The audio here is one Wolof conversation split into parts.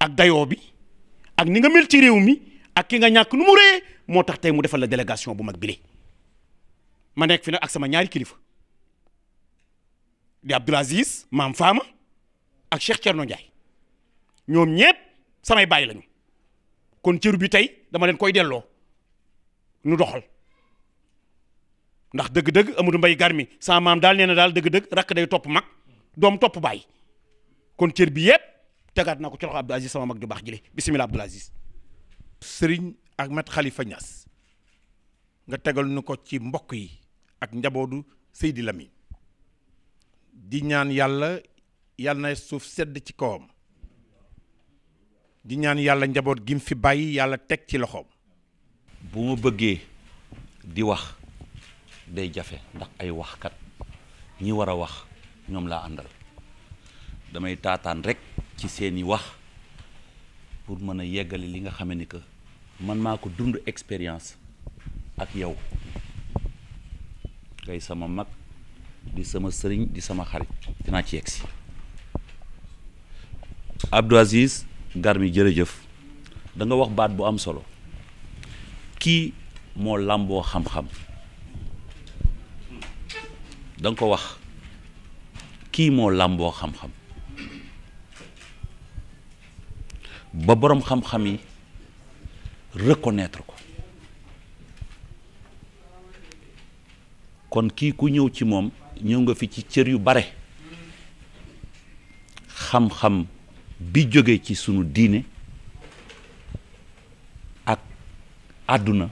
ak dayoo bi ak ni nga mel ci réew mi ak ki nga ñàkk nu ree moo tax tey mu defal la délégation bu mag bile ma nekk fi nag ak sama ñaari kilifa di Abdoul maam Fama ak Cheikh Thierno Ndiaye ñoom ñépp samay bàyyi lañu kon cëru bi tey dama leen koy delloo nu doxal ndax dëgg-dëgg Amadou Mbaye Garmi sama maam daal nee daal dëgg-dëgg rakk day topp mag doom topp bàyyi kon cër bi yépp tegaat naa ko ci Abdou Aziz sama mag ju baax jële bisimilah Abdou Aziz sëriñ ak Ahmed Khalifa Niass nga tegal nu ci mbokk yi ak njabodu Seydi Lamine di ñaan yàlla yàlla na suuf sedd ci kawam di ñaan yàlla njaboot gi fi ci bu ma bëggee di wax day jafe ndax ay waxkat ñi war wax ñoom laa àndal damay rek ci seeni wax pour mën a yeggali li nga xame ni que man maa ko dund expérience ak yow kay sama mag di sama sëriñ di sama xarit dinaa ci yegg Abdou Aziz Garmi jërëjëf da nga wax baat bu am solo Ki moo làmboo xam-xam da nga ko wax kii moo làmboo xam-xam ba boroom xam-xam yi reconnaître ko kon kii ku ñëw ci moom ñëw nga fi ci cër yu bare xam-xam bi jóge ci sunu diine ak àdduna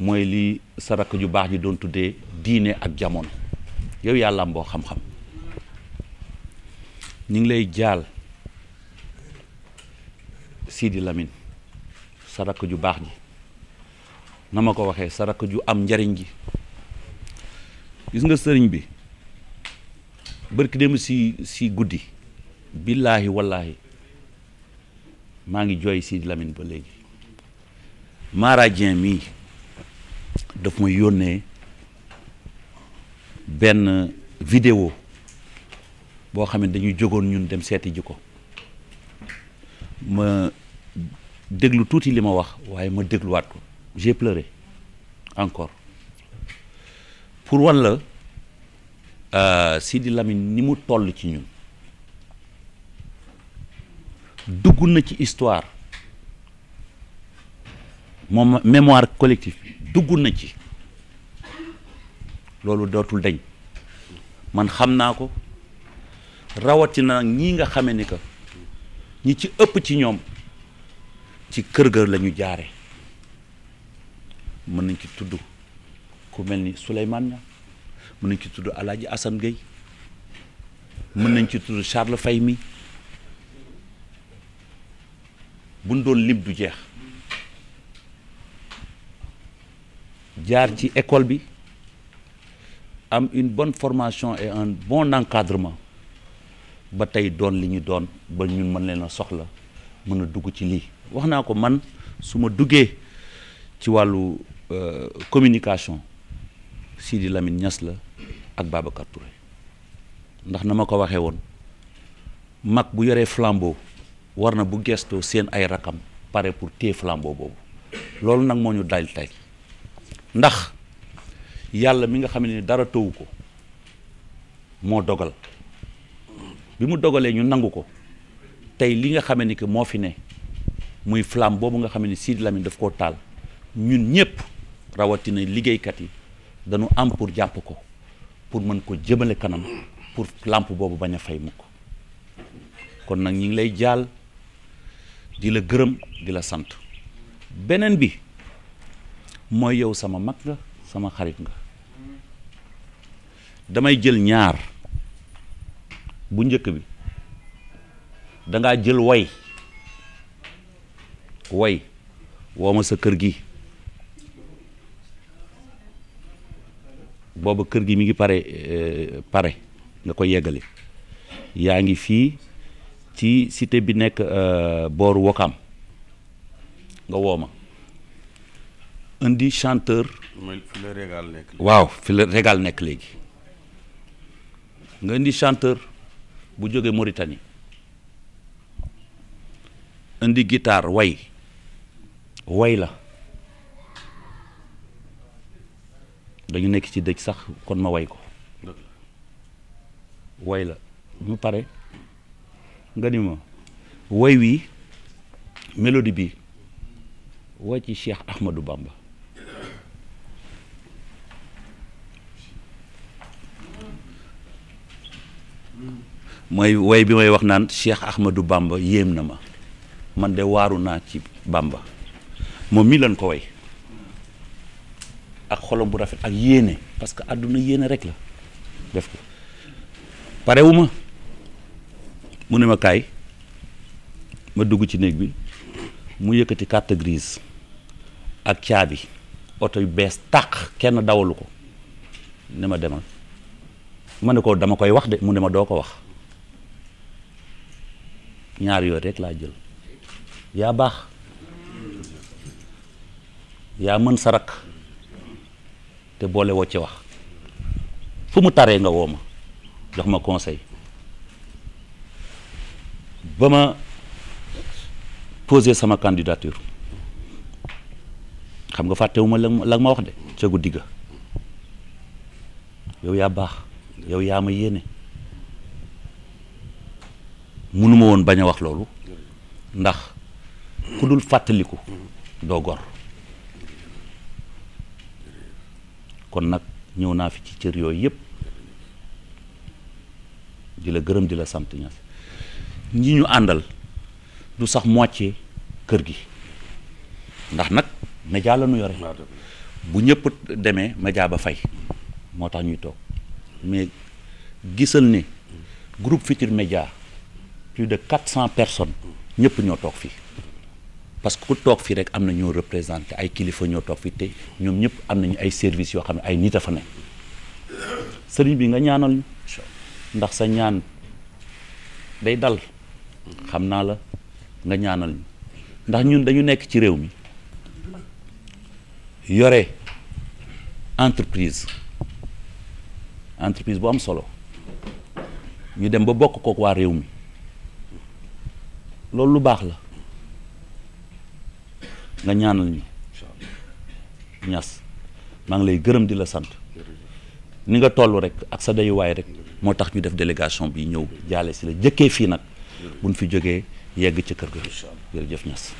mooy li saraka ju baax ji doon tuddee diine ak jamono yow yàlla mboo boo xam-xam ñu ngi lay jaal Sidi Lamine sa rakk ju baax ji na ma ko waxee sa ju am njariñ ji gis nga sëriñ bi bërki dem si si guddi billaahi wallaahi maa ngi jooy Sidi Lamine ba léegi Mara Dieng mii daf ma yónnee benn vidéo boo xam ne dañuy jógoon ñun dem seeti ji ko ma déglu touti li ma wax waaye ma dégluwaat ko j'ai pleuré encore pour wan la euh, Sidi Lamine ni mu toll ci ñun dugg na ci histoire moom mémoire collective dugg na ci loolu dootul dañ man xam naa ko rawatina ñii nga xame ni que ñi ci ëpp ci ñoom ci kër ga lañu jaare mën nañ ci tudd ku mel ni Souleymane Niang mën nañ ci tudd Alaaji Assane Gueye mën nañ ci tudd Charles Faye mi buñ doon lim du jeex jaar ci école bi am une bonne formation et un bon encadrement ba tey doon li ñu doon ba ñu mën leen a soxla mën a dugg ci lii wax naa ko man su ma duggee ci wàllu euh, communication Sidi Lamine ñas la ak Babacar Touré ndax na ma ko waxee woon mag bu yoree flambeau war na bu gestoo seen ay rakam pare pour téye flambeau boobu loolu nag moo ñu dal tey ndax yàlla mi nga xam ne dara tëwu ko moo dogal bi mu dogalee ñu nangu ko tey li nga xamee ni que moo fi ne muy flamme boobu nga xamee ni Sidi Lamine daf koo taal ñun ñëpp rawatina liggéeykat yi dañu am pour jàpp ko pour mën ko jëmale kanam pour lampe boobu bañ a fay mukk kon nag ñu ngi lay jaal di la gërëm di la sant beneen bi mooy yow sama mag nga sama xarit nga damay jël ñaar bu njëkk bi dangaa jël woy woy wooma sa kër gi booba kër gi mi ngi pare euh, pare nga ko yeggale yaa ngi fii ci cité bi nekk euh, booru Wokam nga wooma ma indi chanteur waaw fi la régal nekk léegi nga indi chanteur bu joge Mauritanie indi guitare way way dañu nekk ci dëj sax kon ma way ko way la pare way wi mélodie bi way ci Cheikh Ahmadou Bamba mooy way bi may wax naan Cheikh Ahmadou Bamba yéem na ma man de waaru naa ci bàmba moom mii lañ ko way ak xolam bu rafet ak yéene parce que àdduna yéene rek la def ko parewu ma mu ne ma kaay ma dugg ci néeg bi mu yëkkati carte grise ak caabi oto yu bees tàq kenn dawalu ko ne ma demal ma ne ko dama koy wax de mu ne ma doo ko wax ñaar yooyu rek laa jël yaa baax yaa mën sa rakk te boole woo ci wax fu mu taree nga woo ma jox ma conseil ba ma sama candidature xam nga fàttewuma la la ma wax de ca guddi ga yow yaa baax yow yaa ma yéene mënuma woon bañ a wax loolu ndax ku dul fàttaliku doo gor kon nag ñëw naa fi ci cër yooyu yëpp di la gërëm di la sant ñaas ñi ñu àndal du sax moitié kër gi ndax nag média la nu yore ah, bu ñëpp demee média ba fay moo tax ñuy toog mais gisal ni groupe Futurs Médias plus de 400 personnes nous ñoo toog fii parce que ku toog fii rek am ñoo représenté ay kilifa ñoo tok fi té ñom ñëpp am nañu ay services yo xamné ay nit fa sëriñ bi nga ñaanal ñu ndax sa ñaan day dal xamna la nga ñaanal ñu ndax ñun dañu nekk ci réew mi yore entreprise entreprise bu am solo ñu dem ba bokk kook wa réew mi loolu lu baax la nga ñaanal ñu ñas maa ngi lay gërëm di la sant ni nga toll rek ak sa dayuwaay rek moo tax ñu def délégation bi ñëw jaale si la jëkkee fii nag buñ fi jógee yegg ci kër ga jërëjëf ñas